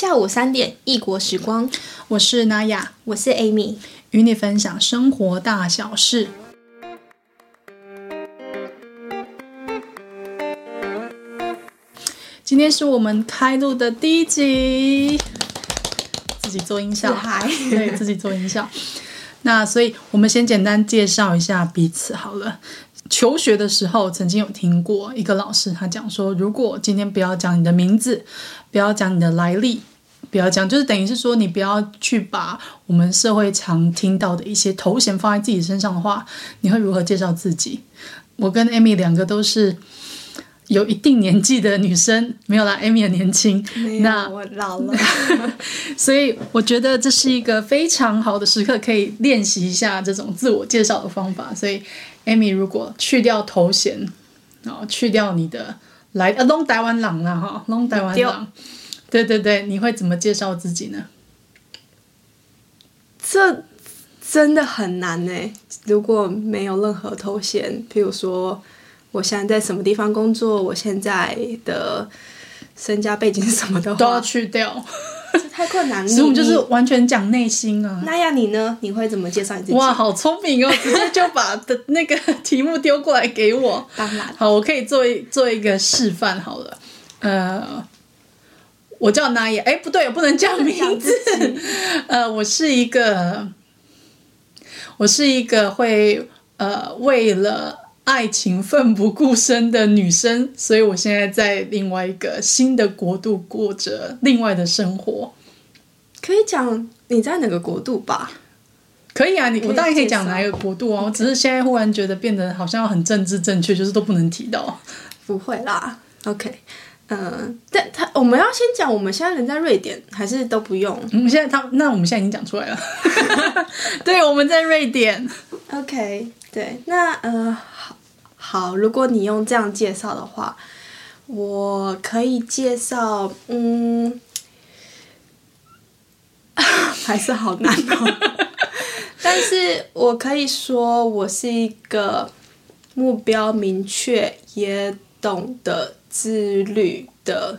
下午三點，異國時光。我是娜雅，我是 Amy，與你分享生活大小事。今天是我們開錄的第一集，自己做音效，嗨對，自己做音效。 那所以，我們先簡單介紹一下彼此好了。求學的時候，曾經有聽過一個老師，他講說，如果今天不要講你的名字，不要講你的來歷。不要講，就是等於是說，你不要去把我們社會常聽到的一些頭銜放在自己身上的話，你會如何介紹自己？我跟 Amy 兩個都是有一定年紀的女生，沒有啦，Amy 很年輕，哎、呦那我老了， 所以我覺得這是一個非常好的時刻，可以練習一下這種自我介紹的方法。所以，Amy 如果去掉頭銜，然後去掉你的來，咱台灣人啦哈，咱台灣人對對對，你會怎麼介紹自己呢？這真的很難誒、欸。如果沒有任何頭銜，比如說我現在在什麼地方工作，我現在的身家背景什麼的話，都要去掉，這太困難了。 所以我就是完全講內心啊。那要你呢？你會怎麼介紹自己？哇，好聰明哦！直接 就把的那個題目丟過來給我。當然，好，我可以做一做一個示範好了。呃。我叫 Naya 哎，不對，不能叫名字。呃，我是一個，我是一個會呃為了愛情奮不顧身的女生，所以我現在在另外一個新的國度過着另外的生活。可以講你在哪個國度吧？可以啊，你我，我大概可以講哪一個國度哦。我 Okay. 只是現在忽然覺得變得好像很政治正確，就是都不能提到。不會啦，OK。嗯，但他我們要先講，我們現在人在瑞典還是都不用。嗯、現在他那，我們現在已經講出來了。 對，我們在瑞典。OK，對，那呃，好，好，如果你用這樣介紹的話，我可以介紹，嗯，還是好難哦、喔。 但是我可以說，我是一個目標明確，也懂得自律。的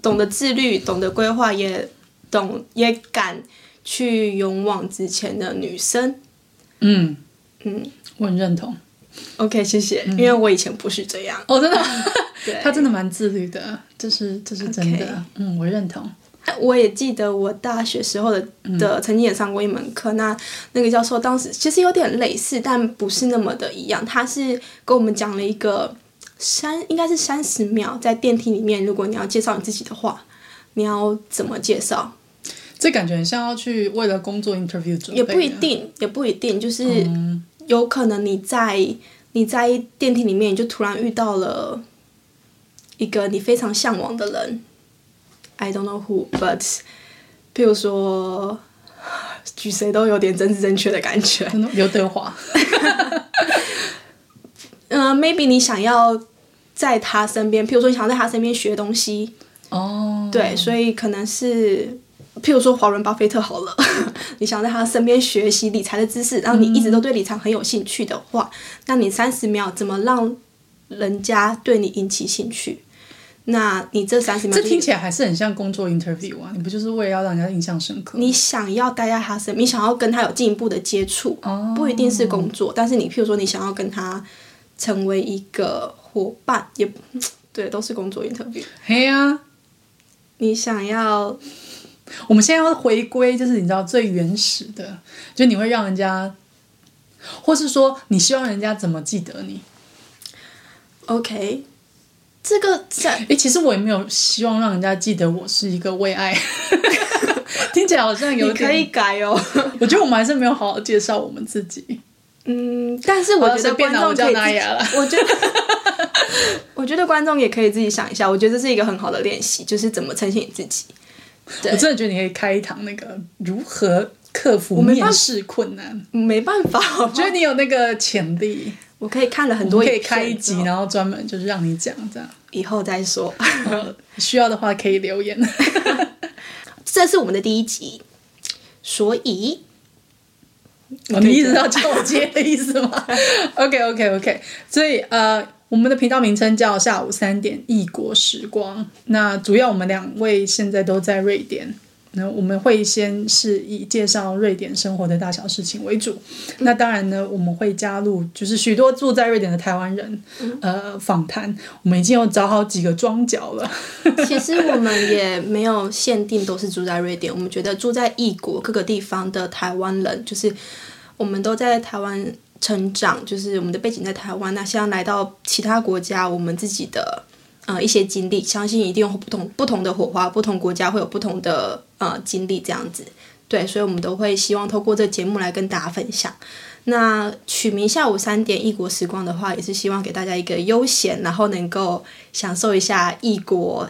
懂得自律、懂得規劃，也懂也敢去勇往直前的女生，嗯嗯，嗯，我很認同。OK，謝謝，嗯、因為我以前不是這樣，哦，真的， 對他真的蠻自律的，這是這是真的。Okay. 嗯，我認同。我也記得我大學時候的的曾經也上過一門課，嗯、那那個教授當時其實有點類似，但不是那麼的一樣。他是跟我們講了一個。三應該是三十秒，在電梯裡面，如果你要介紹你自己的話，你要怎麼介紹？這感覺很像要去為了工作 interview 準備、啊。也不一定，也不一定，就是有可能你在、嗯、你在電梯裡面你就突然遇到了一個你非常嚮往的人，I don't know who, but，譬如說舉誰都有點政治正確的感覺，劉德華。 嗯、uh,，maybe 你想要在他身邊，譬如說你想要在他身邊學東西哦，oh. 對，所以可能是，譬如說，華倫巴菲特好了， 你想在他身邊學習理財的知識，然後你一直都對理財很有興趣的話，嗯、那你三十秒怎麼讓人家對你引起興趣？那你這三十秒，這聽起來還是很像工作 interview 啊？你不就是為了要讓人家印象深刻？你想要待在他身邊，你想要跟他有進一步的接觸、oh. 不一定是工作，但是你譬如說，你想要跟他。成為一個夥伴，也對，都是工作也特別。嘿呀、啊，你想要？我們現在要回歸，就是你知道最原始的，就你會讓人家，或是說你希望人家怎麼記得你？OK，這個在、欸、其實我也沒有希望讓人家記得我是一個為愛， 聽起來好像有點可以改哦。我覺得我們還是沒有好好介紹我們自己。嗯，但是我覺得觀眾可以，以我了 我，我覺得我覺得觀眾也可以自己想一下，我覺得這是一個很好的練習，就是怎麼呈現你自己。我真的覺得你可以開一堂那個如何克服面試困難，沒辦法，我沒辦法哦，我覺得你有那個潛力。我可以看了很多，可以開一集，然後專門就是讓你講這樣，以後再說， 需要的話可以留言。 這是我們的第一集，所以。你意思要叫我接的意思嗎 ？OK OK OK，所以呃，uh, 我們的頻道名稱叫下午三點異國時光。那主要我們兩位現在都在瑞典。那我們會先是以介紹瑞典生活的大小事情為主，嗯、那當然呢，我們會加入就是許多住在瑞典的台灣人，嗯、呃，訪談。我們已經有找好幾個樁腳了。其實我們也沒有限定都是住在瑞典， 我們覺得住在異國各個地方的台灣人，就是我們都在台灣成長，就是我們的背景在台灣。那像來到其他國家，我們自己的呃一些經歷，相信一定有不同不同的火花，不同國家會有不同的。呃，經歷這樣子，對，所以我們都會希望透過這個節目來跟大家分享。那取名下午三點異國時光的話，也是希望給大家一個悠閒，然後能夠享受一下異國，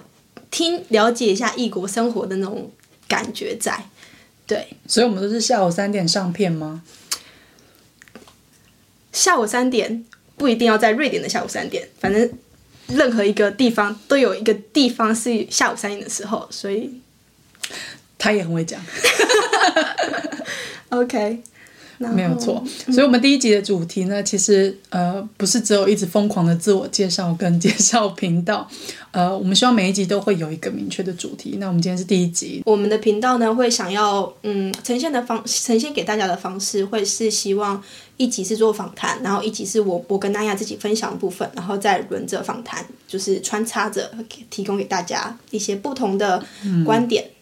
聽了解一下異國生活的那種感覺在。對，所以我們都是下午三點上片嗎？下午三點不一定要在瑞典的下午三點，反正任何一個地方都有一個地方是下午三點的時候，所以。他也很會講，哈哈哈哈哈。OK，沒有錯。所以，我們第一集的主題呢，嗯、其實呃不是只有一直瘋狂的自我介紹跟介紹頻道。呃，我們希望每一集都會有一個明確的主題。那我們今天是第一集，我們的頻道呢會想要嗯呈現的方，呈現給大家的方式會是希望一集是做訪談，然後一集是我我跟娜亞自己分享的部分，然後再輪着訪談，就是穿插着提供給大家一些不同的觀點。嗯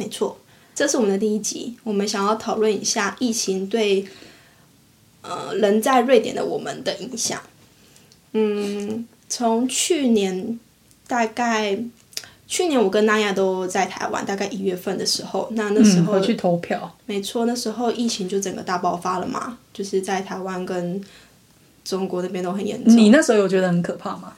沒錯，這是我們的第一集。我們想要討論一下疫情對呃人在瑞典的我們的影響。嗯，從去年，大概去年我跟娜亞都在台灣，大概一月份的時候，那那時候，嗯，回去投票，沒錯，那時候疫情就整個大爆發了嘛，就是在台灣跟中國那邊都很嚴重。你那時候有覺得很可怕嗎？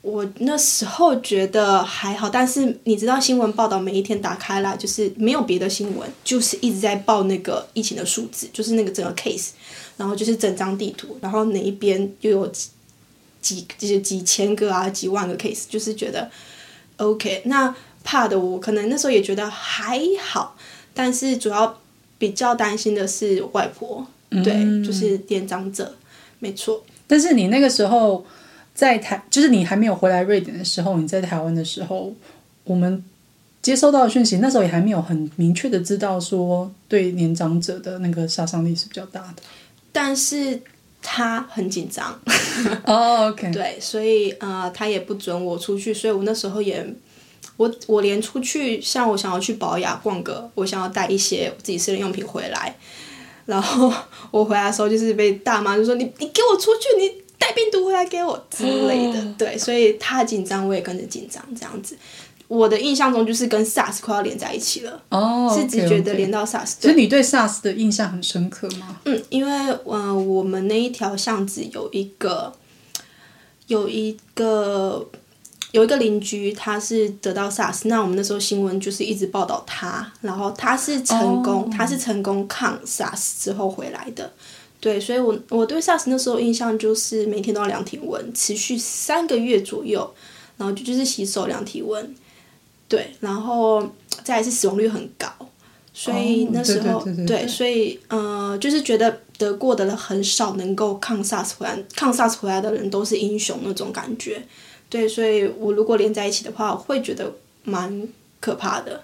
我那時候覺得還好，但是你知道新聞報道每一天打開了，就是沒有別的新聞，就是一直在報那個疫情的數字，就是那個整個 case，然後就是整張地圖，然後哪一邊又有幾就是幾、幾千個啊幾萬個 case，就是覺得 OK。那怕的我可能那時候也覺得還好，但是主要比較擔心的是外婆，嗯、對，就是年長者，沒錯。但是你那個時候。在台就是你還沒有回來瑞典的時候，你在台灣的時候，我們接收到的訊息，那時候也還沒有很明確的知道說對年長者的那個殺傷力是比較大的，但是他很緊張。哦、oh，OK，對，所以啊、呃，他也不准我出去，所以我那時候也我我連出去，像我想要去保養、逛個，我想要帶一些自己私人用品回來，然後我回來的時候就是被大媽就說你你給我出去你。帶病毒回來給我之類的，oh. 對，所以他緊張我也跟着緊張，這樣子。我的印象中就是跟 SARS 快要連在一起了，oh, okay, okay. 是只覺得連到 SARS。其實你對 SARS 的印象很深刻嗎？嗯，因為嗯、呃，我們那一條巷子有一個，有一個有一個鄰居，他是得到 SARS。那我們那時候新聞就是一直報道他，然後他是成功，oh. 他是成功抗 SARS 之後回來的。對，所以我，我我對 SARS 那時候印象就是每天都要量體溫，持續三個月左右，然後就就是洗手量體溫，對，然後再是死亡率很高，所以那時候對，所以呃，就是覺得得過的人很少能夠抗 SARS 回來，抗 SARS 回來的人都是英雄那種感覺，對，所以我如果連在一起的話，我會覺得蠻可怕的，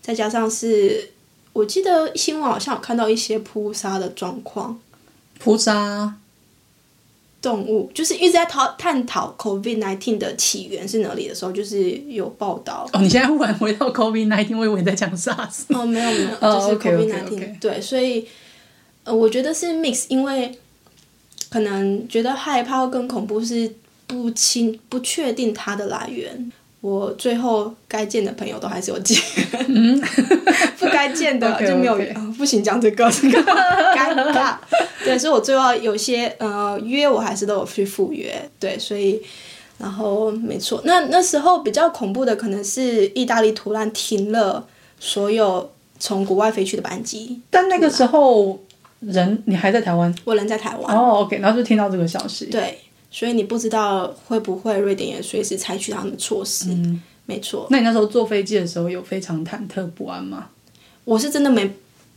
再加上是我記得新聞好像有看到一些撲殺的狀況。撲殺動物，就是一直在討探討 COVID nineteen 的起源是哪裡的時候，就是有報道。哦，你現在忽然回到 COVID nineteen，我以為你在講 SARS。哦，沒有沒有，哦、就是 COVID nineteen。19, okay, okay, okay. 對，所以呃，我覺得是 mix，因為可能覺得害怕跟恐怖是不清不確定它的來源。我最後該見的朋友都還是有見，嗯， 不該見的 就沒有。Okay, okay. 哦、不行這樣子，講這個這個尷尬。對，所以，我最後有些呃約，我還是都有去赴約。對，所以，然後沒錯。那那時候比較恐怖的，可能是意大利突然停了所有從國外飛去的班機。但那個時候人，人你還在台灣？我人在台灣。哦，OK，然後就聽到這個消息。對。所以你不知道會不會瑞典也隨時採取他們的措施？嗯，沒錯。那你那時候坐飛機的時候有非常忐忑不安嗎？我是真的沒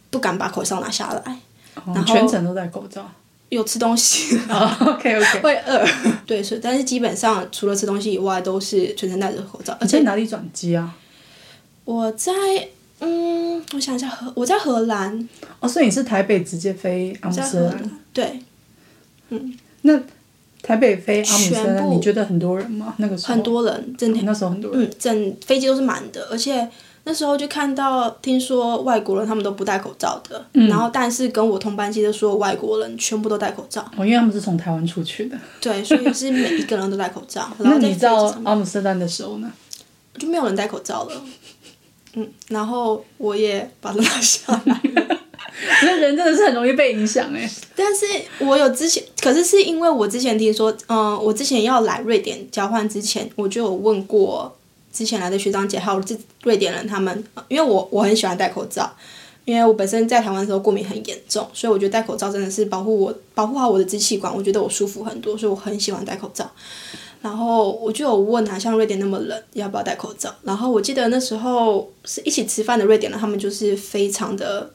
不敢把口罩拿下來，哦、然後全程都戴口罩。有吃東西、哦、？OK OK。會餓？對，是。但是基本上除了吃東西以外，都是全程戴着口罩。而在哪裡轉機啊？我在嗯，我想一下荷，我在荷蘭。哦，所以你是台北直接飛阿姆斯特丹。對。嗯，那。台北飛阿姆斯特丹，部你覺得很多人嗎？那個時候很多人，整天、哦、那時候很多人，嗯，整飛機都是滿的，而且那時候就看到，聽說外國人他們都不戴口罩的，嗯、然後但是跟我同班機的所有外國人全部都戴口罩。哦、因為他們是從台灣出去的，對，所以是每一個人都戴口罩。 然後在你在阿姆斯特丹的時候呢？就沒有人戴口罩了， 嗯，然後我也把它拿下來。 那 人真的是很容易被影響哎！ 但是我有之前，可是是因為我之前聽說，嗯，我之前要來瑞典交換之前，我就有問過之前來的學長姐還有這瑞典人他們，因為我我很喜歡戴口罩，因為我本身在台灣的時候過敏很嚴重，所以我覺得戴口罩真的是保護我保護好我的支氣管，我覺得我舒服很多，所以我很喜歡戴口罩。然後我就有問他、啊，像瑞典那麼冷，要不要戴口罩？然後我記得那時候是一起吃飯的瑞典人，他們就是非常的。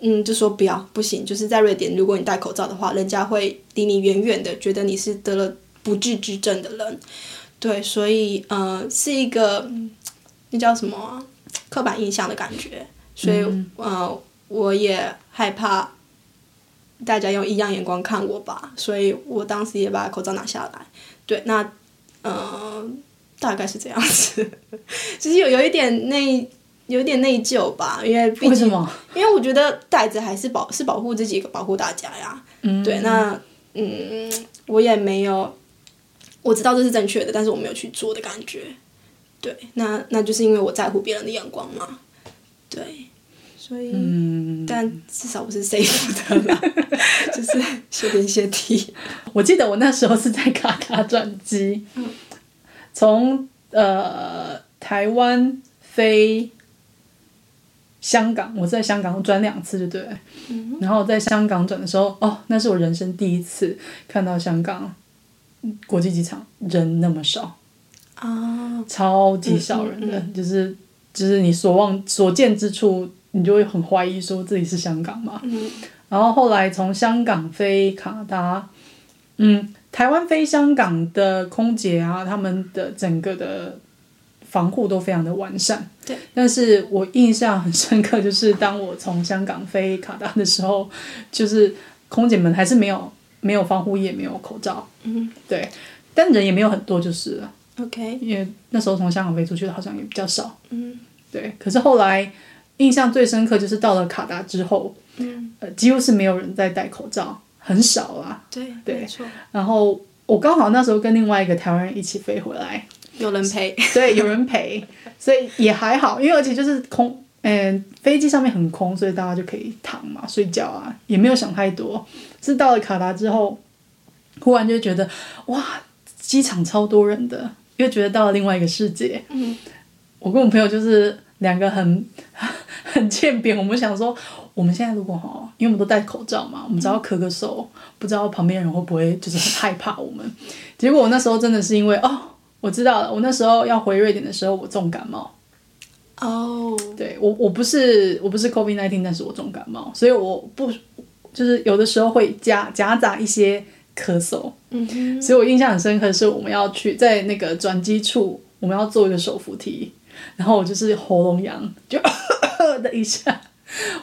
嗯，就說不要，不行，就是在瑞典，如果你戴口罩的話，人家會離你遠遠的，覺得你是得了不治之症的人，對，所以，呃，是一個那叫什麼、啊、刻板印象的感覺，所以，嗯嗯呃，我也害怕大家用異樣眼光看我吧，所以我當時也把口罩拿下來，對，那，呃，大概是這樣子， 其實有有一點那。有點內疚吧，因為畢竟，為什麼？因為我覺得戴著還是保是保護自己，保護大家呀。嗯、對，那嗯，我也沒有，我知道這是正確的，但是我沒有去做的感覺。對，那那就是因為我在乎別人的眼光嘛。對，所以，嗯，但至少不是 safe 的啦，嗯、 就是謝天謝地。 我記得我那時候是在卡卡轉機，從、嗯、呃台灣飛。香港，我在香港我轉兩次就對了，對不，嗯、哼然後我在香港轉的時候，哦，那是我人生第一次看到香港國際機場人那麼少，啊、哦，超級少人的。嗯嗯嗯，就是就是你所望所見之處，你就會很懷疑說自己是香港嘛。嗯、然後後來從香港飛卡達，嗯，台灣飛香港的空姐啊，他們的整個的。防護都非常的完善，對。但是我印象很深刻，就是當我從香港飛卡達的時候，就是空姐們還是沒有沒有防護衣，也沒有口罩，嗯，對。但人也沒有很多，就是了，OK。因為那時候從香港飛出去的好像也比較少，嗯，對。可是後來印象最深刻就是到了卡達之後，嗯，呃，幾乎是沒有人在戴口罩，很少啊，對對。對，沒錯。然後我剛好那時候跟另外一個台灣人一起飛回來。有人陪， 對，有人陪，所以也還好，因為而且就是空，嗯、呃，飛機上面很空，所以大家就可以躺嘛，睡覺啊，也沒有想太多。是到了卡達之後，忽然就覺得哇，機場超多人的，又覺得到了另外一個世界。嗯哼，我跟我朋友就是兩個很很欠扁，我們想說，我們現在如果哈，因為我們都戴口罩嘛，我們只要咳個嗽，不知道旁邊人會不會就是很害怕我們。結果我那時候真的是因為哦。我知道了，我那時候要回瑞典的時候，我重感冒。哦、oh.，對我我不是我不是 COVID nineteen，但是我重感冒，所以我不就是有的時候會夾夾雜一些咳嗽。嗯、mm，hmm. 所以我印象很深刻的是我們要去在那個轉機處，我們要做一個手扶梯，然後我就是喉嚨癢，就呵呵的一下。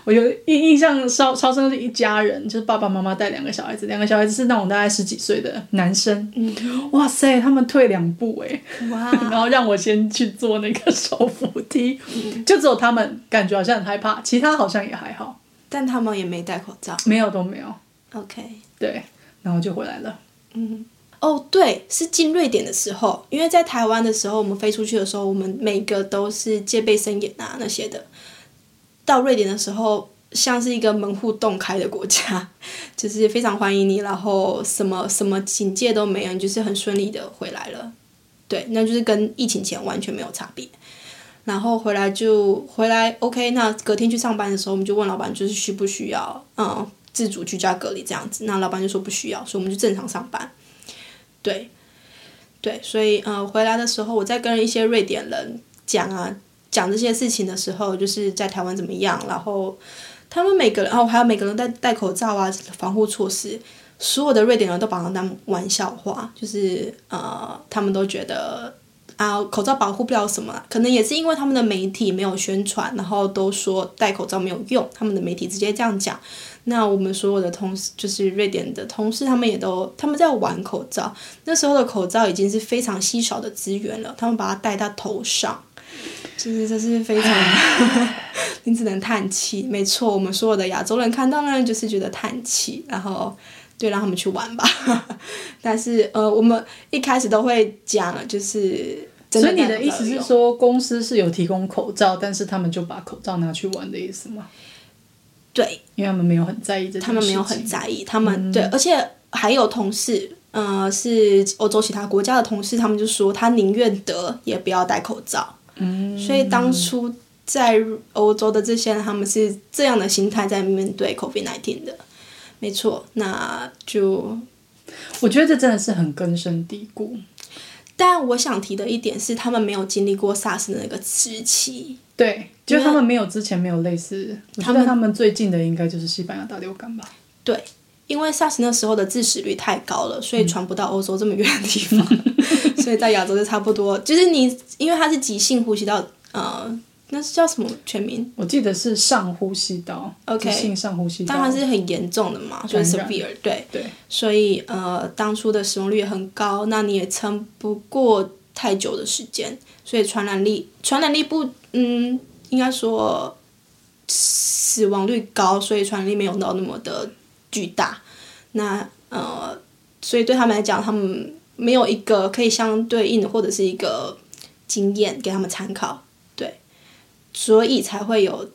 我就印印象超，超超深，就是一家人，就是爸爸媽媽帶兩個小孩子，兩個小孩子是那種大概十幾歲的男生。嗯，哇塞，他們退兩步哎、欸，哇，然後讓我先去坐那個手扶梯，嗯、就只有他們感覺好像很害怕，其他好像也還好，但他們也沒戴口罩，沒有都沒有。OK，對，然後就回來了。嗯，哦、oh,，對，是進瑞典的時候，因為在台灣的時候，我們飛出去的時候，我們每個都是戒備森嚴啊，那些的。到瑞典的時候，像是一個門戶洞開的國家，就是非常歡迎你，然後什麼什麼警戒都沒有，你就是很順利的回來了。對，那就是跟疫情前完全沒有差別。然後回來就回來，OK。那隔天去上班的時候，我們就問老板，就是需不需要，嗯，自主居家隔離這樣子。那老板就說不需要，所以我們就正常上班。對，對，所以嗯，呃，回來的時候，我在跟一些瑞典人講啊。講這些事情的時候，就是在台灣怎麼樣，然後他們每個人，哦，還有每個人戴戴口罩啊，防護措施，所有的瑞典人都把它當玩笑話，就是呃，他們都覺得啊，口罩保護不了什麼，可能也是因為他們的媒體沒有宣傳，然後都說戴口罩沒有用，他們的媒體直接這樣講。那我們所有的同事，就是瑞典的同事，他們也都他們在玩口罩，那時候的口罩已經是非常稀少的資源了，他們把它戴到頭上。就是這是非常， 你只能嘆氣。沒錯，我們所有的亞洲人看到呢，就是覺得嘆氣，然後對，讓他們去玩吧。 但是呃，我們一開始都會講，就是真的。所以你的意思是說，公司是有提供口罩，但是他們就把口罩拿去玩的意思嗎？對，因為他們，他們沒有很在意，他們沒有很在意，他們、嗯、對，而且還有同事，呃，是歐洲其他國家的同事，他們就說他寧願得也不要戴口罩。嗯，所以當初在歐洲的這些人，他們是這樣的心態在面對 COVID-19 的，沒錯。那就，我覺得這真的是很根深蒂固。但我想提的一點是，他們沒有經歷過薩斯的那個時期，對，就是他們沒有之前沒有類似。他們我覺得他們最近的應該就是西班牙大流感吧。對。因為 SARS 那時候的致死率太高了，所以傳不到歐洲這麼遠的地方，嗯、 所以在亞洲就差不多。就是你，因為它是急性呼吸道，呃，那是叫什麼全名？我記得是上呼吸道，OK，急性上呼吸道，但它是很嚴重的嘛，就是 severe，對染對。對所以呃，當初的死亡率也很高，那你也撐不過太久的時間，所以傳染力，傳染力不，嗯，應該說死亡率高，所以傳染力沒有到那麼的。巨大，那呃，所以對他們來講，他們沒有一個可以相對應或者是一個經驗給他們參考，對，所以才會有。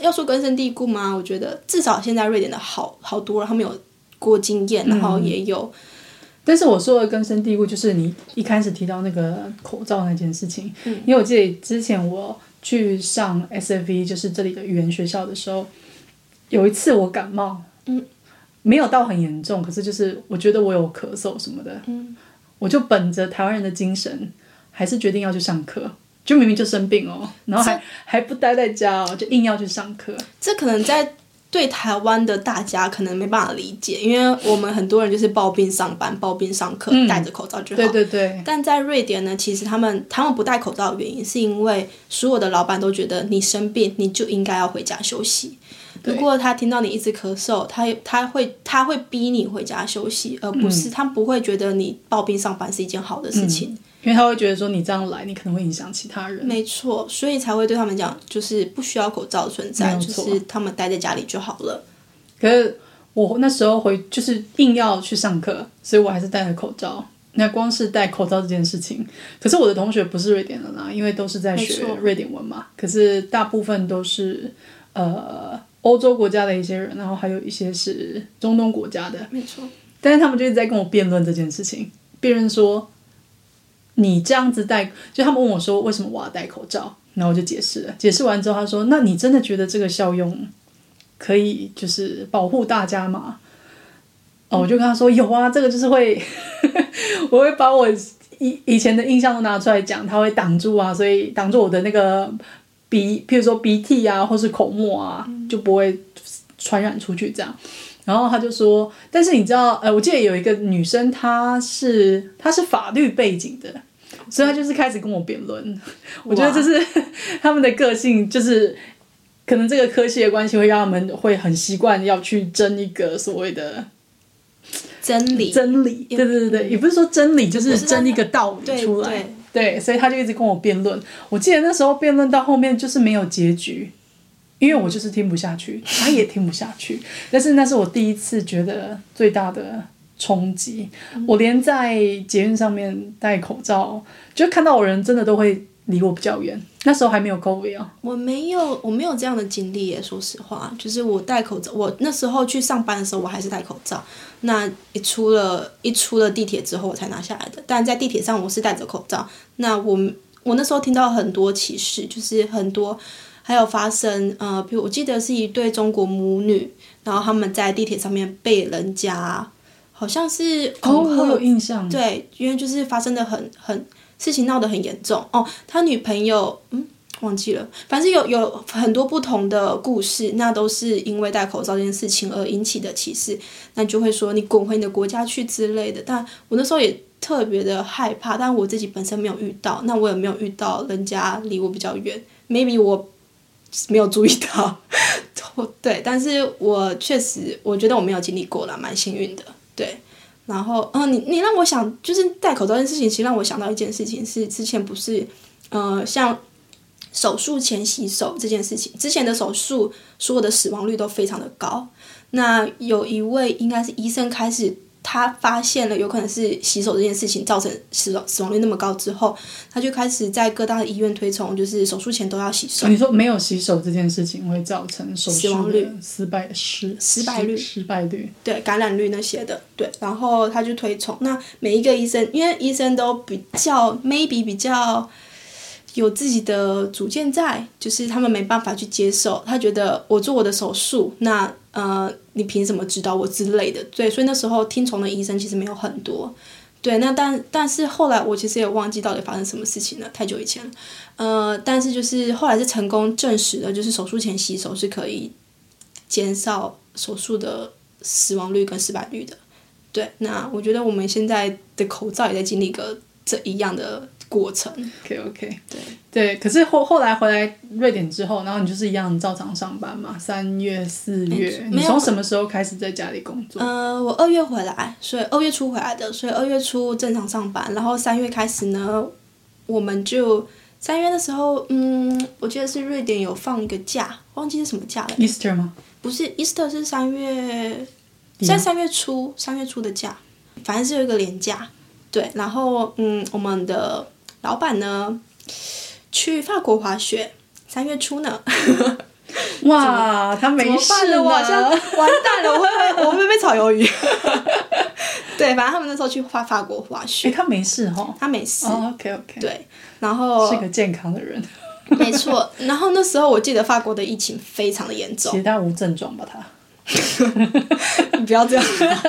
要說根深蒂固嗎？我覺得至少現在瑞典的好好多了，他們有過經驗，然後也有、嗯。但是我說的根深蒂固，就是你一開始提到那個口罩那件事情，嗯、因為我記得之前我去上 SFI 就是這裡的語言學校的時候，有一次我感冒，嗯。沒有到很嚴重，可是就是我覺得我有咳嗽什麼的，嗯、我就本着台灣人的精神，還是決定要去上課。就明明就生病哦，然後還這還不待在家哦，就硬要去上課。這可能在對台灣的大家可能沒辦法理解，因為我們很多人就是抱病上班、抱病上課， 戴着口罩就好。嗯、對對對。但在瑞典呢，其實他們他們不戴口罩的原因，是因為所有的老闆都覺得你生病，你就應該要回家休息。如果他聽到你一直咳嗽，他他會他會逼你回家休息，嗯、而不是他不會覺得你抱病上班是一件好的事情、嗯，因為他會覺得說你這樣來，你可能會影響其他人。沒錯，所以才會對他們講，就是不需要口罩的存在，就是他們待在家裡就好了。可是我那時候回就是硬要去上課，所以我還是戴着口罩。那光是戴口罩這件事情，可是我的同學不是瑞典人啦，啊，因為都是在學瑞典文嘛。沒錯。可是大部分都是呃。歐洲國家的一些人，然後還有一些是中東國家的，沒錯。但是他們就一直在跟我辯論這件事情，辯論說你這樣子戴，就他們問我說為什麼我要戴口罩，然後我就解釋了。解釋完之後，他說：“那你真的覺得這個效用可以，就是保護大家嗎？”嗯、哦，我就跟他說：“有啊，這個就是會， 我會把我以以前的印象都拿出來講，它會擋住啊，所以擋住我的那個。”鼻，譬如說鼻涕啊，或是口沫啊，就不會傳染出去這樣。嗯、然後他就說，但是你知道，呃，我記得有一個女生，她是她是法律背景的，Okay. 所以她就是開始跟我辯論。哇我覺得這、就是他們的個性，就是可能這個科系的關係，會讓他們會很習慣要去爭一個所謂的真理。嗯。真理，對對對對，也不是說真理，嗯、就是爭一個道理出來。對對對，所以他就一直跟我辯論。我記得那時候辯論到後面就是沒有結局，因為我就是聽不下去，他也聽不下去。 但是那是我第一次覺得最大的衝擊，我連在捷運上面戴口罩，就看到我人真的都會。離我比較遠，那時候還沒有 COVID、哦、我沒有，我沒有這樣的經歷耶。說實話，就是我戴口罩，我那時候去上班的時候，我還是戴口罩。那一出了，一出了地鐵之後，我才拿下來的。但在地鐵上，我是戴着口罩。那我，我那時候聽到很多歧視，就是很多還有發生，呃，比如我記得是一對中國母女，然後他們在地鐵上面被人家，好像是哦，我有印象，對，因為就是發生的很很。事情鬧得很嚴重哦，他女朋友嗯，忘記了，反正有有很多不同的故事，那都是因為戴口罩這件事情而引起的歧視，那就會說你滾回你的國家去之類的。但我那時候也特別的害怕，但我自己本身沒有遇到，那我也沒有遇到人家離我比較遠，maybe 我沒有注意到， 對，但是我確實我覺得我沒有經歷過啦，蠻幸運的，對。然後，嗯、呃，你你讓我想，就是戴口罩這件事情，其實讓我想到一件事情，是之前不是，呃，像手術前洗手這件事情，之前的手術所有的死亡率都非常的高。那有一位應該是醫生開始。他發現了有可能是洗手這件事情造成死亡死亡率那麼高之後，他就開始在各大醫院推崇，就是手術前都要洗手。你說沒有洗手這件事情會造成手術死亡率失敗失失敗率失，失敗率對，感染率那些的，對，然後他就推崇。那每一個醫生，因為醫生都比較 maybe 比較有自己的主見在，就是他們沒辦法去接受。他覺得我做我的手術那。呃，你憑什麼指導我之類的？對，所以那時候聽從的醫生其實沒有很多。對，那但但是後來我其實也忘記到底發生什麼事情了，太久以前了。呃，但是就是後來是成功證實了，就是手術前洗手是可以減少手術的死亡率跟失敗率的。對，那我覺得我們現在的口罩也在經歷一個這一樣的過程。可以，OK，okay, okay. 對。對，可是後後來回來瑞典之後，然後你就是一樣照常上班嘛。三月、四月，你從什麼時候開始在家裡工作？呃，我二月回來，所以二月初回來的，所以二月初正常上班。然後三月開始呢，我們就三月的時候，嗯，我記得是瑞典有放一個假，忘記是什麼假了。Easter 嗎？不是，Easter 是三月，Yeah. 在三月初，三月初的假，反正是有一個連假。對，然後嗯，我們的老板呢？去法國滑雪，三月初呢？ 哇，麼他沒事嗎？ 哇完蛋了，我會被，我會被炒魷魚。 對，反正他們那時候去法法國滑雪、欸，他沒事哦，他沒事。Oh, OK OK。對，然後是個健康的人， 沒錯。然後那時候我記得法國的疫情非常的嚴重，其他無症狀吧？他。你不要這樣。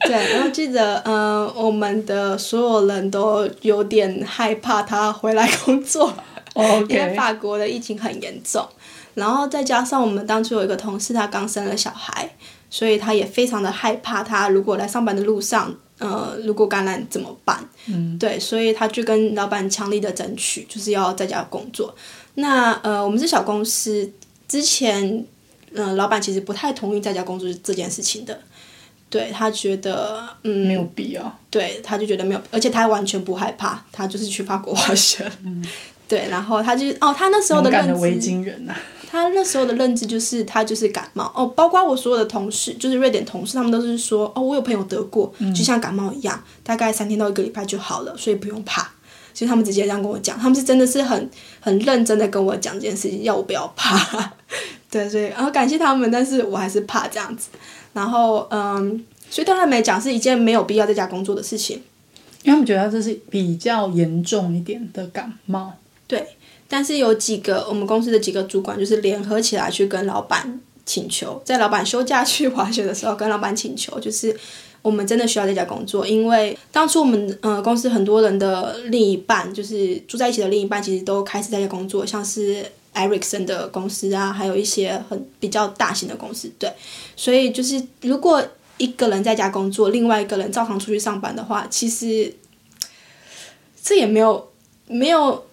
對，然後記得，嗯、呃，我們的所有人都有點害怕他回來工作，oh, okay. 因為法國的疫情很嚴重。然後再加上我們當初有一個同事，他剛生了小孩，所以他也非常的害怕。他如果來上班的路上，呃，如果感染怎麼辦？嗯、對，所以他就跟老闆強力的爭取，就是要在家工作。那呃，我們是小公司，之前。嗯、呃，老闆其實不太同意在家工作這件事情的，對，他覺得嗯沒有必要，對，他就覺得沒有，而且他還完全不害怕，他就是去法國滑雪，嗯、對，然後他就哦，他那時候的認知，維京人啊，他那時候的認知就是他就是感冒哦，包括我所有的同事，就是瑞典同事，他們都是說哦，我有朋友得過，就像感冒一樣，嗯、大概三天到一個禮拜就好了，所以不用怕。其實他們直接這樣跟我講，他們是真的是很很認真的跟我講這件事情，要我不要怕， 對，所以，然後感謝他們，但是我還是怕這樣子。然後嗯，所以對他們來講是一件沒有必要在家工作的事情，因為他們覺得這是比較嚴重一點的感冒。對，但是有幾個我們公司的幾個主管就是聯合起來去跟老板請求，在老板休假去滑雪的時候跟老板請求，就是。我們真的需要在家工作，因為當初我們呃公司很多人的另一半，就是住在一起的另一半，其實都開始在家工作，像是 Ericsson 的公司啊，還有一些很比較大型的公司。對，所以就是如果一個人在家工作，另外一個人照常出去上班的話，其實這也沒有沒有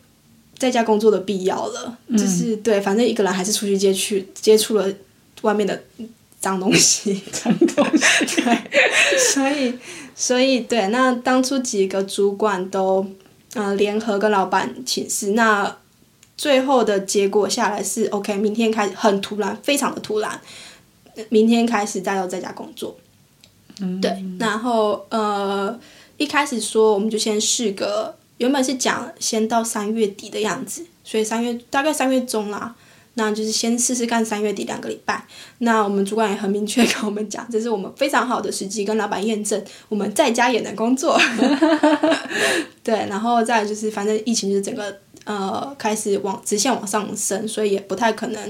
在家工作的必要了。就是對，反正一個人還是出去接去接觸了外面的髒東西，髒東西，對，所以，所以，對，那當初幾個主管都，嗯、呃、聯合跟老板請示，那最後的結果下來是 OK，明天開始，很突然，非常的突然，明天開始大家在家工作，嗯、對，然後，呃，一開始說我們就先試個，原本是講先到三月底的樣子，所以三月大概三月中啦。那就是先試試看，三月底兩個禮拜。那我們主管也很明確跟我們講，這是我們非常好的時機，跟老闆驗證我們在家也能工作。 對，然後再來就是，反正疫情就是整個呃開始往直線往上升，所以也不太可能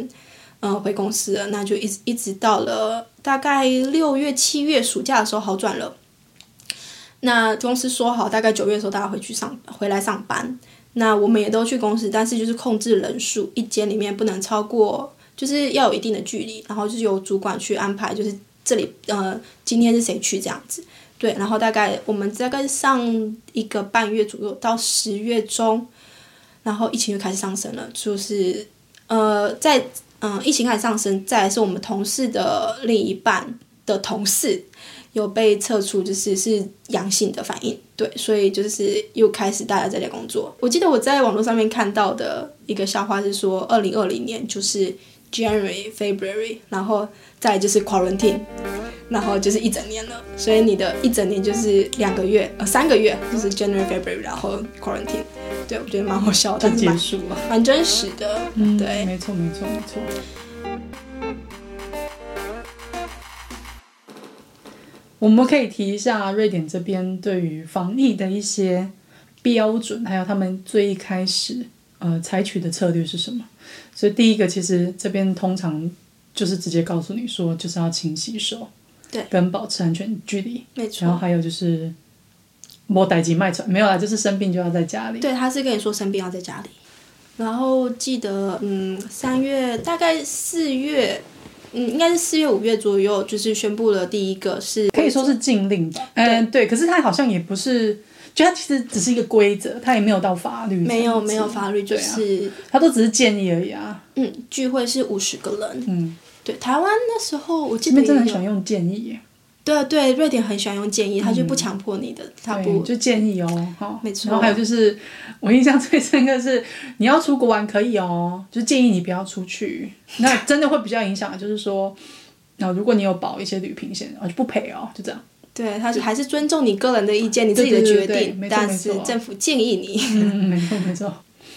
嗯、呃、回公司了。那就一直一直到了大概六月、七月暑假的時候好轉了。那公司說好，大概九月的時候大家回去上回來上班。那我們也都去公司，但是就是控制人數，一間裡面不能超過，就是要有一定的距離，然後就是由主管去安排，就是這裡呃，今天是誰去這樣子，對，然後大概我們大概上一個半月左右到十月中，然後疫情就開始上升了，就是呃，在嗯、呃、疫情開始上升，再來是我們同事的另一半的同事。有被測出就是是陽性的反應，對，所以就是又開始大家在家工作。我記得我在網絡上面看到的一個笑話是說，二零二零年就是 January February，然後再就是 Quarantine，然後就是一整年了。所以你的一整年就是兩個月呃三個月，就是 January February，然後 Quarantine。對，我覺得蠻好笑的，但是蠻蠻真實的，嗯、對，沒錯沒錯沒錯。我們可以提一下瑞典這邊對於防疫的一些標準，還有他們最一開始呃採取的策略是什麼？所以第一個，其實這邊通常就是直接告訴你說，就是要勤洗手，對，跟保持安全距離，沒錯。然後還有就是，無代誌賣出來，沒有啊，就是生病就要在家裡。對，他是跟你說生病要在家裡。然後記得，嗯，三月 Okay. 大概四月。嗯，應該是四月、五月左右，就是宣布了第一個是可以說是禁令嗯，對,對。可是他好像也不是，就它其實只是一個規則，他也沒有到法律，沒有沒有法律，就是他、啊、都只是建議而已啊。嗯，聚會是五十個人。嗯，對。台灣那時候我記得，你真的很喜歡用建議。對對，瑞典很喜歡用建議，他就不強迫你的，嗯、他不對就建議哦。哈、哦，沒錯。然後還有就是，我印象最深刻的是你要出國玩可以哦，就建議你不要出去，那真的會比較影響。就是說，那、哦、如果你有保一些旅平險，而、哦、就不賠哦，就這樣。對，他是還是尊重你個人的意見，哦、對對對對你自己的決定。但是政府建議你，嗯沒錯沒錯。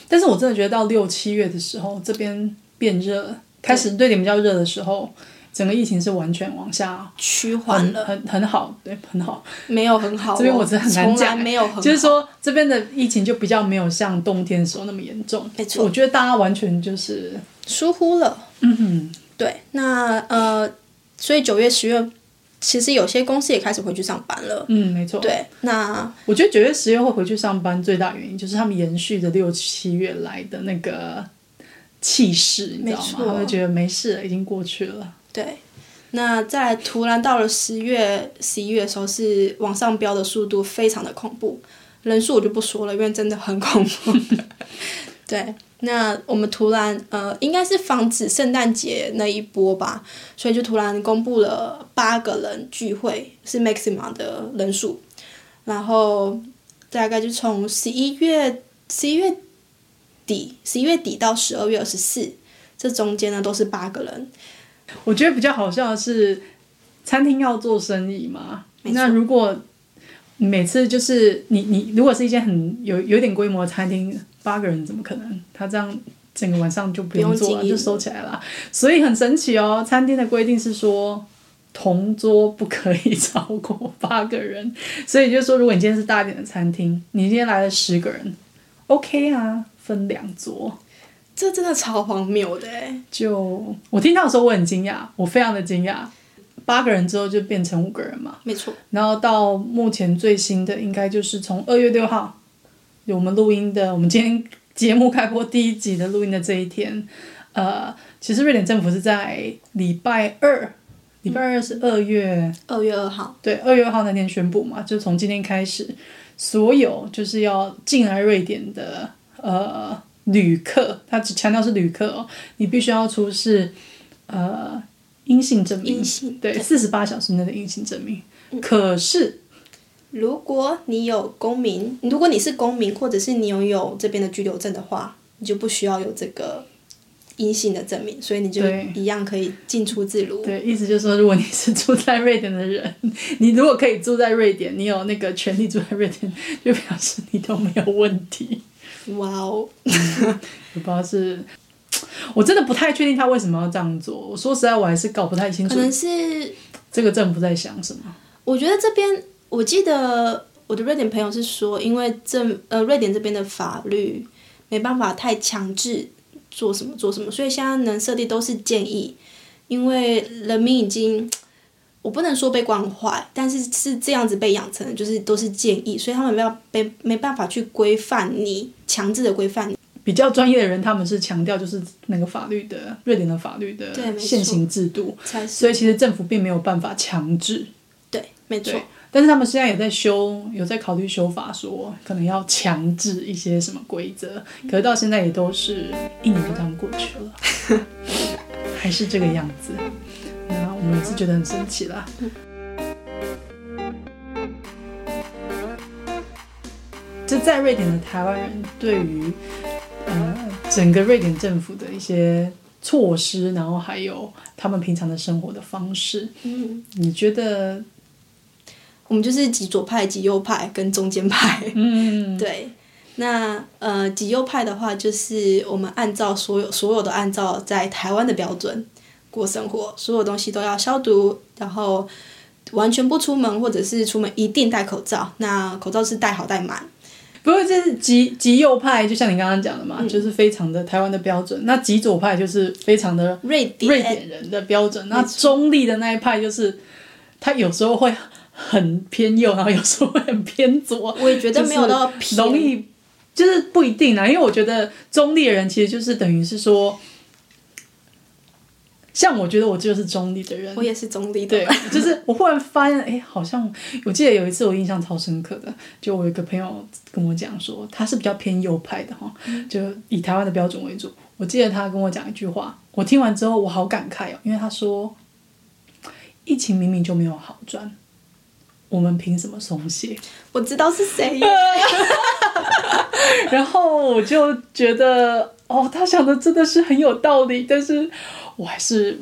但是我真的覺得到六七月的時候，這邊變熱，對開始瑞典比較熱的時候。整個疫情是完全往下趨緩，了，很很，很好，對，很好，沒有很好。這邊我真的很難講，沒有很好，就是說這邊的疫情就比較沒有像冬天的時候那麼嚴重。沒錯錯，我覺得大家完全就是疏忽了。嗯哼，對，那呃，所以九月十月，其實有些公司也開始回去上班了。嗯，沒錯，對。那我覺得九月十月會回去上班，最大原因就是他們延續着六七月來的那個氣勢，你知道嗎？錯他們覺得沒事了，已經過去了。對，那在突然到了十月十一月的時候，是往上飆的速度非常的恐怖，人數我就不說了，因為真的很恐怖。 對，那我們突然呃，應該是防止聖誕節那一波吧，所以就突然公布了八個人聚會是 Maxima 的人數，然後大概就從十一月十一月底十一月底到十二月二十四，這中間呢都是八個人。我覺得比較好笑的是，餐廳要做生意嘛，錯那如果每次就是你你如果是一間很有有點規模的餐廳，八個人怎麼可能？他這樣整個晚上就不用做了，了就收起來了。所以很神奇哦，餐廳的規定是說，同桌不可以超過八個人。所以就是說，如果你今天是大一點的餐廳，你今天來了十個人，OK 啊，分兩桌。這真的超荒謬的哎、欸！就我聽到的時候，我很驚訝，我非常的驚訝。八個人之後就變成五個人嘛，沒錯。然後到目前最新的，應該就是從二月六號，有我們錄音的，我們今天節目開播第一集的錄音的這一天。呃，其實瑞典政府是在禮拜二，禮拜二是二月、嗯、二月二號，對，二月二號那天宣布嘛，就從今天開始，所有就是要進來瑞典的，呃。旅客，他只強調是旅客哦，你必須要出示，呃，陰性證明。陰性，對，四十八小時內的陰性證明。嗯，可是，如果你有公民，如果你是公民，或者是你擁有這邊的居留證的話，你就不需要有這個陰性的證明，所以你就一樣可以進出自如。對，對，意思就是說，如果你是住在瑞典的人，你如果可以住在瑞典，你有那個權利住在瑞典，就表示你都沒有問題。哇哦！我 Wow 嗯、不知道是，我真的不太確定他為什麼要這樣做。我說實在，我還是搞不太清楚，可能是這個政府在想什麼。我覺得這邊，我記得我的瑞典朋友是說，因為政呃瑞典這邊的法律沒辦法太強制做什麼做什麼，所以現在能設定都是建議，因為人民已經。我不能說被慣壞，但是是這樣子被養成的，就是都是建議，所以他們沒有被沒辦法去規範你，強制的規範。比較專業的人，他們是強調就是那個法律的瑞典的法律的現行制度，所以其實政府並沒有辦法強制。對，沒錯。但是他們現在也在修，有在考慮修法說，說可能要強制一些什麼規則，可是到現在也都是一年就這樣過去了， 還是這個樣子。然後我們也是覺得很神奇了。就在瑞典的台灣人對於、呃、整個瑞典政府的一些措施，然後還有他們平常的生活的方式，嗯，你覺得？我們就是極左派、極右派跟中間派。嗯，對。那呃，極右派的話，就是我們按照所有所有的按照在台灣的標準。過生活，所有東西都要消毒，然後完全不出門，或者是出門一定戴口罩。那口罩是戴好戴滿。不過這是極極右派，就像你剛剛講的嘛，嗯、就是非常的台灣的標準。嗯、那極左派就是非常的瑞典瑞典人的標準。瑞典。那中立的那一派就是，沒錯。他有時候會很偏右，然後有時候會很偏左。我也覺得沒有到容易，就是不一定啦。因為我覺得中立的人其實就是等於是說。像我覺得我就是中立的人，我也是中立的。 對，就是我忽然發現，哎、欸，好像我記得有一次我印象超深刻的，就我一個朋友跟我講說，他是比較偏右派的哈，就以台灣的標準為主。我記得他跟我講一句話，我聽完之後我好感慨哦、喔，因為他說，疫情明明就沒有好轉，我們憑什麼鬆懈？我知道是誰。 然後我就覺得，哦，他想的真的是很有道理，但是，我還是，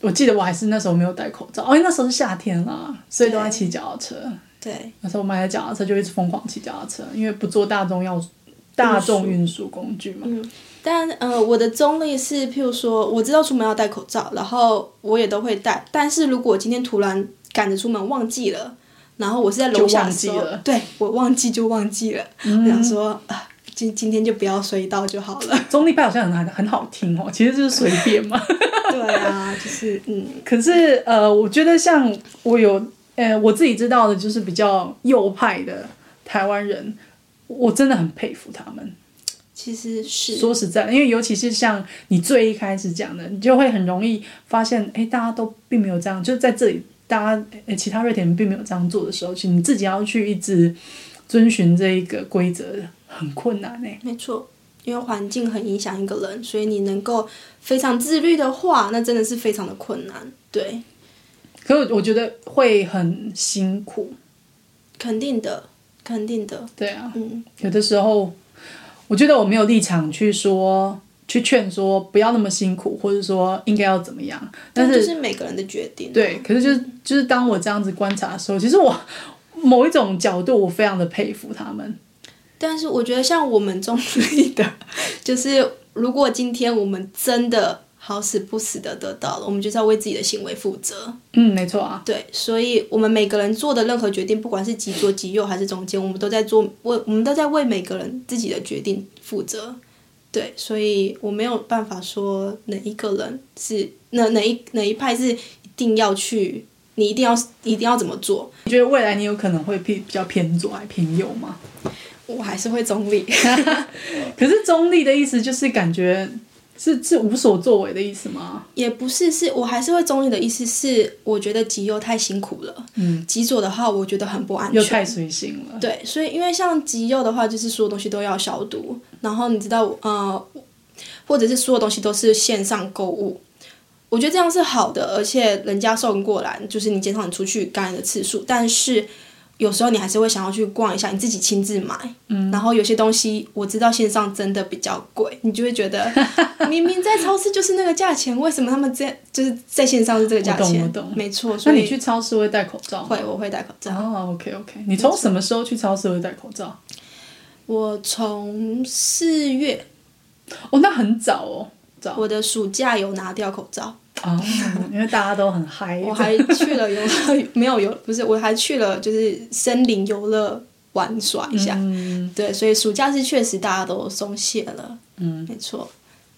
我記得我還是那時候沒有戴口罩，哦，因為那時候是夏天啦，所以都在騎腳踏車。對，對那時候我買了腳踏車就會一直瘋狂騎腳踏車，因為不坐大眾要大眾運輸工具嘛。嗯、但呃，我的中立是，譬如說，我知道出門要戴口罩，然後我也都會戴。但是如果今天突然趕着出門忘記了，然後我是在樓下的時候，就忘記了，對，我忘記就忘記了，嗯、我想說。今今天就不要隨到就好了。中立派好像很很好聽哦、喔，其實就是隨便嘛。 對啊，就是嗯。可是呃，我覺得像我有呃、欸、我自己知道的，就是比較右派的台灣人，我真的很佩服他們。其實是說實在，因為尤其是像你最一開始講的，你就會很容易發現，哎、欸，大家都並沒有這樣，就在這裡，大家、欸、其他瑞典人並沒有這樣做的時候，其實你自己要去一直遵循這一個規則的。很困難呢？欸，沒錯，因為環境很影響一個人，所以你能夠非常自律的話，那真的是非常的困難。對，可是我覺得會很辛苦，肯定的，肯定的，對啊，嗯，有的時候，我覺得我沒有立場去說，去勸說不要那麼辛苦，或者說應該要怎麼樣，但是、嗯，就是每個人的決定，啊，對，可是就是就是當我這樣子觀察的時候，其實我某一種角度，我非常的佩服他們。但是我覺得，像我們中立的，就是如果今天我們真的好死不死的得到了，我們就是要為自己的行為負責。嗯，沒錯啊。對，所以，我們每個人做的任何決定，不管是極左、極右，還是中間，我們都在做，為我，我們都在為每個人自己的決定負責。對，所以我沒有辦法說哪一個人是哪哪一哪一派是一定要去，你一定要一定要怎麼做？你覺得未來你有可能會比比較偏左還偏右嗎？我還是會中立 可是中立的意思就是感覺是是無所作為的意思嗎？也不是，是，是我還是會中立的意思是，我覺得極右太辛苦了，嗯，極左的話我覺得很不安全，又太隨性了。對，所以因為像極右的話，就是所有東西都要消毒，然後你知道，呃，或者是所有東西都是線上購物，我覺得這樣是好的，而且人家送過來，就是你減少你出去感染的次數，但是，有時候你還是會想要去逛一下，你自己親自買。嗯，然後有些東西我知道線上真的比較貴，你就會覺得 明明在超市就是那個價錢，為什麼他們在就是在線上是這個價錢？我懂我懂，我懂沒錯。所以那你去超市會戴口罩？會，我會戴口罩。哦、啊，OK OK，你從什麼時候去超市會戴口罩？我從四月，哦，那很早哦，早。我的暑假有拿掉口罩。Oh, 因為大家都很嗨， 我還去了遊樂，沒有遊，不是，我還去了就是森林遊樂玩耍一下，mm hmm. 對，所以暑假是確實大家都鬆懈了，嗯、mm，hmm. 沒錯，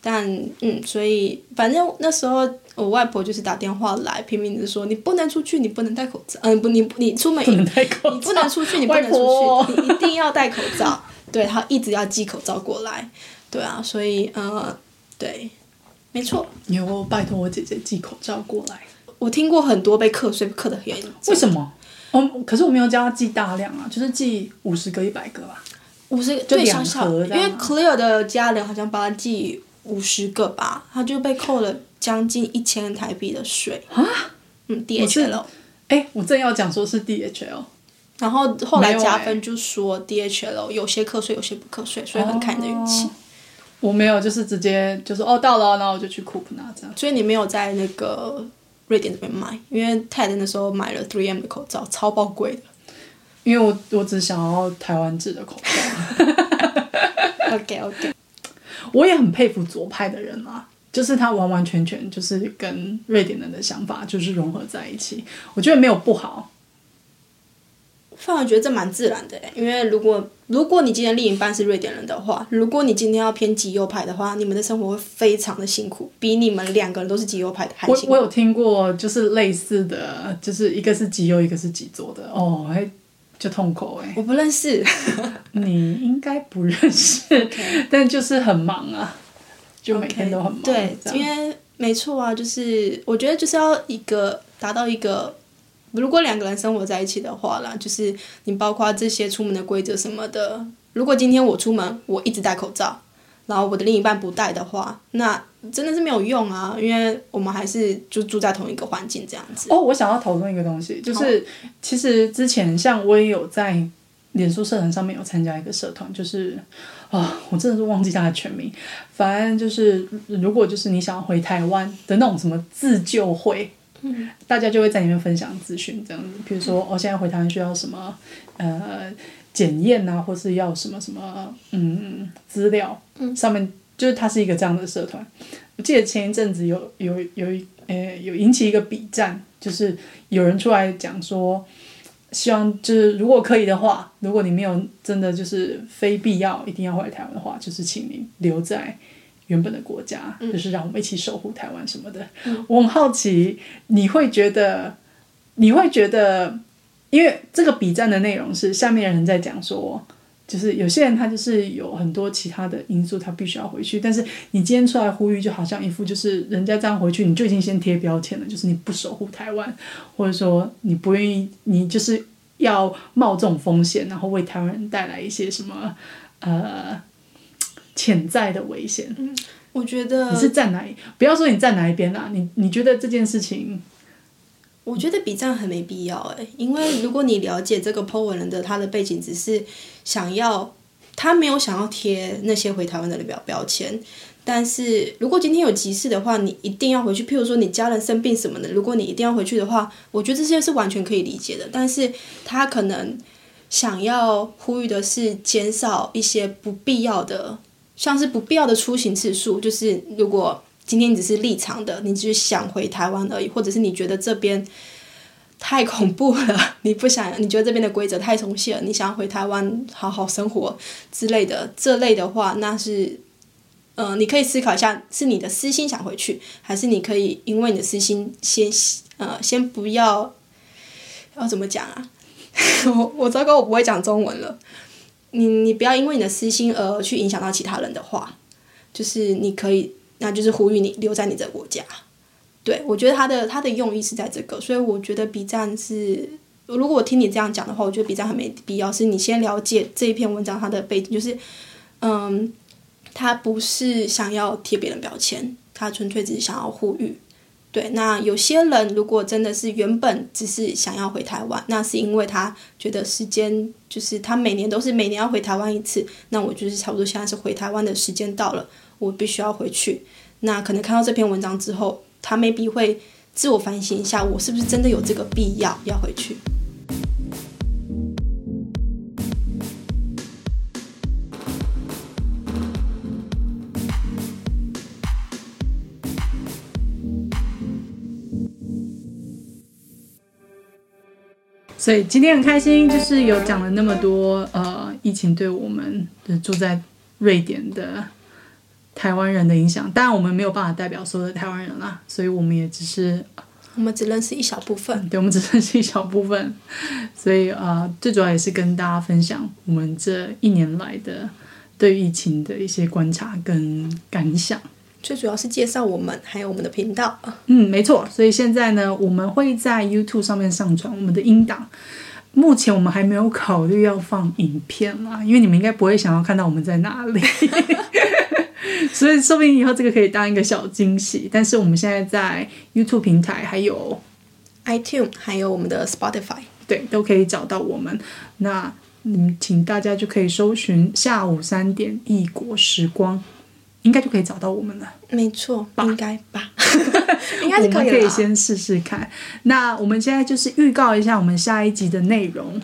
但嗯，所以反正那時候我外婆就是打電話來拼命的說，你不能出去，你不能戴口罩，嗯、呃，不，你你出門不能戴口罩，你不能出去，你不能出去，婆你一定要戴口罩， 對，她一直要寄口罩過來，對啊，所以嗯、呃，對。沒錯，你有拜託我姐姐寄口罩過來。我聽過很多被課稅不課的原因。為什麼？我、哦、可是我沒有叫她寄大量啊，就是寄五十個一百個吧。五十個就兩盒，因為 Clear 的家人好像幫她寄五十個吧，她就被扣了將近一千台幣的稅哈蛤嗯，DHL。哎 DH、欸，我正要講說是 DHL，然後後來加分就說 DHL 有些課稅，有些不課稅，所以很看你的運氣。哦我沒有，就是直接就是哦到了，然後我就去庫普拿這樣。所以你沒有在那個瑞典這邊買，因為泰德那時候買了 3M 的口罩，超爆貴的。因為我我只想要台灣製的口罩。 OK OK，我也很佩服左派的人啦，就是他完完全全就是跟瑞典人的想法就是融合在一起，我覺得沒有不好。反而覺得這蠻自然的、欸、因為如果如果你今天另一半是瑞典人的話，如果你今天要偏極右派的話，你們的生活會非常的辛苦，比你們兩個人都是極右派的還辛苦。我我有聽過，就是類似的就是一個是極右，一個是極左的哦，哎、欸，就痛苦、欸、我不認識， 你應該不認識，Okay. 但就是很忙啊，就每天都很忙。Okay, 對，因為沒錯啊，就是我覺得就是要一個達到一個。如果兩個人生活在一起的話啦，就是你包括這些出門的規則什麼的。如果今天我出門，我一直戴口罩，然後我的另一半不戴的話，那真的是沒有用啊，因為我們還是就住在同一個環境這樣子。哦，我想要討論一個東西，就是、哦、其實之前像我也有在臉書社團上面有參加一個社團，就是啊、哦，我真的是忘記他的全名，反正就是如果就是你想要回台灣的那種什麼自救會。嗯，大家就會在裡面分享資訊，這樣子。比如說，我、哦、現在回台灣需要什麼，呃，檢驗啊，或是要什麼什麼，嗯資料。嗯，上面就是它是一個這樣的社團。我記得前一陣子有有有，呃、欸，有引起一個筆戰，就是有人出來講說，希望就是如果可以的話，如果你沒有真的就是非必要一定要回台灣的話，就是請你留在。原本的國家就是讓我們一起守護台灣什麼的，嗯、我很好奇，你會覺得你會覺得，因為這個筆戰的內容是下面的人在講說，就是有些人他就是有很多其他的因素，他必須要回去。但是你今天出來呼籲，就好像一副就是人家這樣回去，你就已經先貼標籤了，就是你不守護台灣，或者說你不願意，你就是要冒這種風險，然後為台灣人帶來一些什麼呃。潛在的危險，嗯，我覺得你是站哪？不要說你站哪一邊啦、啊，你你覺得這件事情，我覺得筆戰很沒必要誒、欸。因為如果你了解這個 PO 文人的他的背景，只是想要他沒有想要貼那些回台灣的標標籤，但是如果今天有急事的話，你一定要回去，譬如說你家人生病什麼的，如果你一定要回去的話，我覺得這些是完全可以理解的，但是他可能想要呼籲的是減少一些不必要的。像是不必要的出行次數，就是如果今天你只是立場的，你只是想回台灣而已，或者是你覺得這邊太恐怖了，你不想，你覺得這邊的規則太鬆懈了，你想要回台灣好好生活之類的這類的話，那是，嗯、呃，你可以思考一下，是你的私心想回去，還是你可以因為你的私心先呃先不要，要怎麼講啊？我我糟糕，我不會講中文了。你你不要因為你的私心而,而去影響到其他人的話，就是你可以，那就是呼籲你留在你的國家。對我覺得他的他的用意是在這個，所以我覺得筆戰是，如果我聽你這樣講的話，我覺得筆戰很沒必要。是你先了解這一篇文章它的背景，就是嗯，他不是想要貼別人標籤，他純粹只是想要呼籲。對，那有些人如果真的是原本只是想要回台灣，那是因為他覺得時間就是他每年都是每年要回台灣一次，那我就是差不多現在是回台灣的時間到了，我必須要回去。那可能看到這篇文章之後，他 maybe 會自我反省一下，我是不是真的有這個必要要回去。所以今天很開心，就是有講了那麼多，呃，疫情對我們，就是住在瑞典的台灣人的影響。當然，我們沒有辦法代表所有的台灣人啦，所以我們也只是，我們只認識一小部分。對，我們只認識一小部分。所以，呃，最主要也是跟大家分享我們這一年來的對疫情的一些觀察跟感想。最主要是介紹我們，還有我們的頻道。嗯，沒錯。所以現在呢，我們會在 YouTube 上面上傳我們的音檔。目前我們還沒有考慮要放影片啦，因為你們應該不會想要看到我們在哪裡。 所以，說不定以後這個可以當一個小驚喜。但是我們現在在 YouTube 平台，還有 iTunes，還有我們的 Spotify，對，都可以找到我們。那嗯，請大家就可以搜尋下午三點異國時光，應該就可以找到我們了，沒錯錯，應該吧，應該 是可以了啊， 我們可以先試試看。那我們現在就是預告一下我們下一集的內容。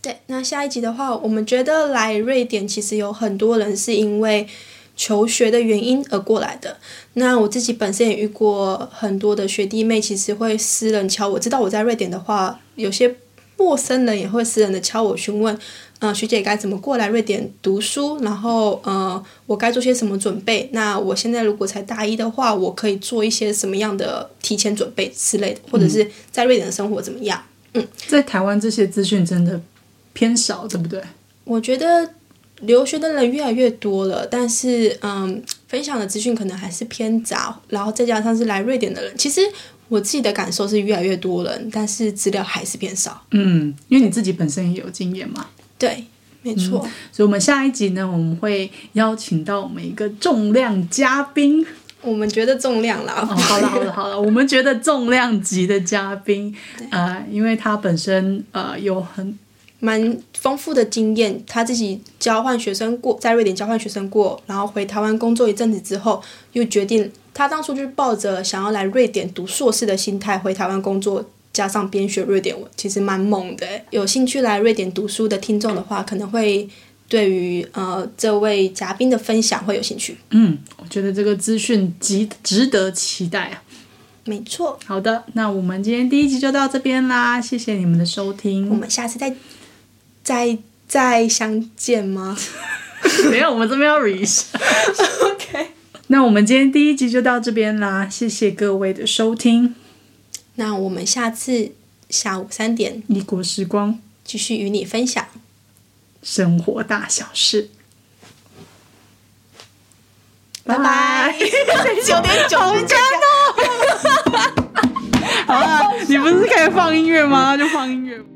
對，那下一集的話，我們覺得來瑞典其實有很多人是因為求學的原因而過來的。那我自己本身也遇過很多的學弟妹，其實會私人敲我。我知道我在瑞典的話，有些陌生人也會私人的敲我詢問。嗯，學姐該怎麼過來瑞典讀書？然後，呃、嗯，我該做些什麼準備？那我現在如果才大一的話，我可以做一些什麼樣的提前準備之類的？嗯、或者是在瑞典的生活怎麼樣？嗯，在台灣這些資訊真的偏少，對不對？我覺得留學的人越來越多了，但是，嗯，分享的資訊可能還是偏雜。然後再加上是來瑞典的人，其實我自己的感受是越來越多人，但是資料還是偏少。嗯，因為你自己本身也有經驗嘛。對，沒錯。嗯、所以，我們下一集呢，我們會邀請到我們一個重量嘉賓。我們覺得重量啦、哦、了。好了好了好了， 我們覺得重量級的嘉賓，對呃、因為他本身呃有很蠻豐富的經驗，他自己交換學生過，在瑞典交換學生過，然後回台灣工作一陣子之後，又決定他當初就是抱着想要來瑞典讀碩士的心態回台灣工作。加上邊學瑞典文，其實蠻猛的。有興趣來瑞典讀書的聽眾的話，可能會對於呃這位嘉賓的分享會有興趣。嗯，我覺得這個資訊值得期待啊。沒錯錯。好的，那我們今天第一集就到這邊啦，謝謝你們的收聽。我們下次再再再相見嗎？沒 有，我們這邊要一下。 OK，那我們今天第一集就到這邊啦，謝謝各位的收聽。那我們下次下午三點異國時光繼續與你分享生活大小事，拜拜！九拜 點九分加好了，你不是可以放音樂嗎？那 就放音樂。